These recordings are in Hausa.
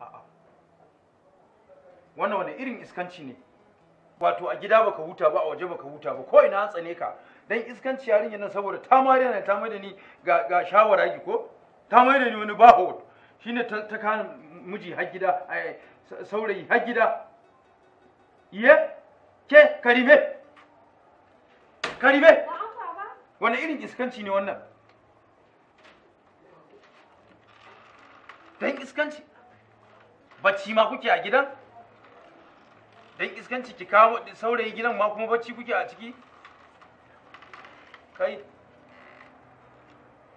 a'a wannan wani irin iskanci ne wato a gida baka huta ba a waje baka huta ba ko ina an tsane ka dan iskanci yarinya nan saboda ta mare na ta mai da ni ga ga shawara ko ta mai da ni wani baho shine ta ta kan miji har gida saurayi har gida iye ke karime karime wani irin iskanci ne wannan dan iskanci bacci ma kuke a gidan dan iskanci ki kawo saurayi gidan ma kuma bacci kuke a ciki kai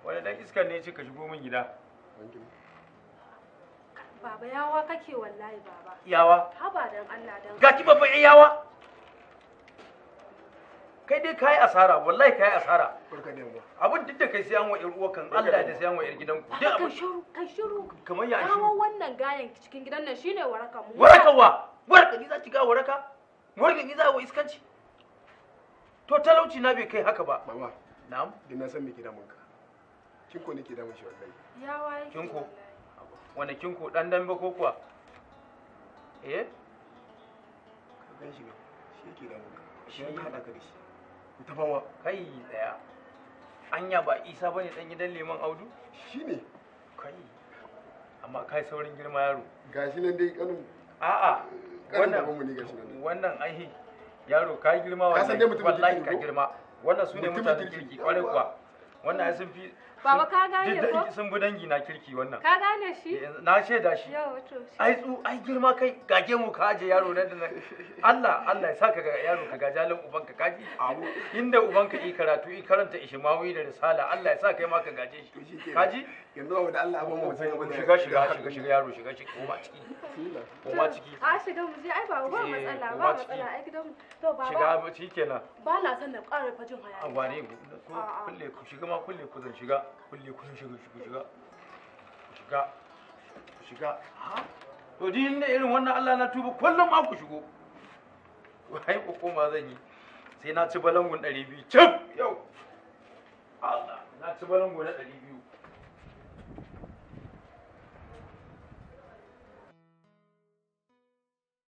wani dan iskan ne ce ka shigo min gida baba yawa kake wallahi baba yawa haba dan Allah dan ga ki babban yawa kai dai kai asara wallahi kai asara abin duk da kai sai an wa yar kan Allah da sai an wa gidan ku dai abin shiru kai shiru kamar ya shiru kawo wannan gayan cikin gidan nan shine waraka mu waraka wa waraka ni za ki ga waraka waraka ni za wa iskanci to talauci na bai kai haka ba mama na'am da na san me gidan mun ka kinko ne ke damun shi wallahi ya waye kin kinko wani ko dan dan ba ko kuwa eh ka gan shi ne shi ke damun ka shi ya hada ka da shi ita ba ma kai tsaya anya ba isa bane dan gidan leman audu shine kai amma kai saurin girma yaro gashi nan dai kanin a'a wannan mu ne gashi nan wannan ai yaro ka girma wannan wallahi ka girma wannan su ne mutanen kirki kwarai kuwa wannan sun fi Baba ka gane ko? Sun bi dangi na kirki wannan. Ka gane shi? Eh, na shaida shi. Yawa to. Ai tsu ai girma kai gage mu ka aje yaro nan da nan. Allah Allah ya saka ga yaro ka gajalin ubanka ka ji. Inda ubanka yi karatu yi karanta Ishmawi da Risala Allah ya sa kai ma ka gaje shi. Ka ji? Yanzu babu da Allah abin mu sai abin shiga shiga shiga shiga yaro shiga shiga ba ciki. ko ba ciki. A shiga mu je ai ba ba eh, matsala ba matsala ai gidan mu. To baba. Shiga ciki kenan. Ba na san da ƙara fajin hayaniya. Ware ku kulle ku shiga ma kulle ku zan shiga kulle ku zan shiga ku shiga ku shiga ku shiga ha to ji ne irin wannan Allah na tuba kullum ma ku shigo wai ku koma zan yi sai na ci balangun 200 cif yau Allah na ci balangun na 200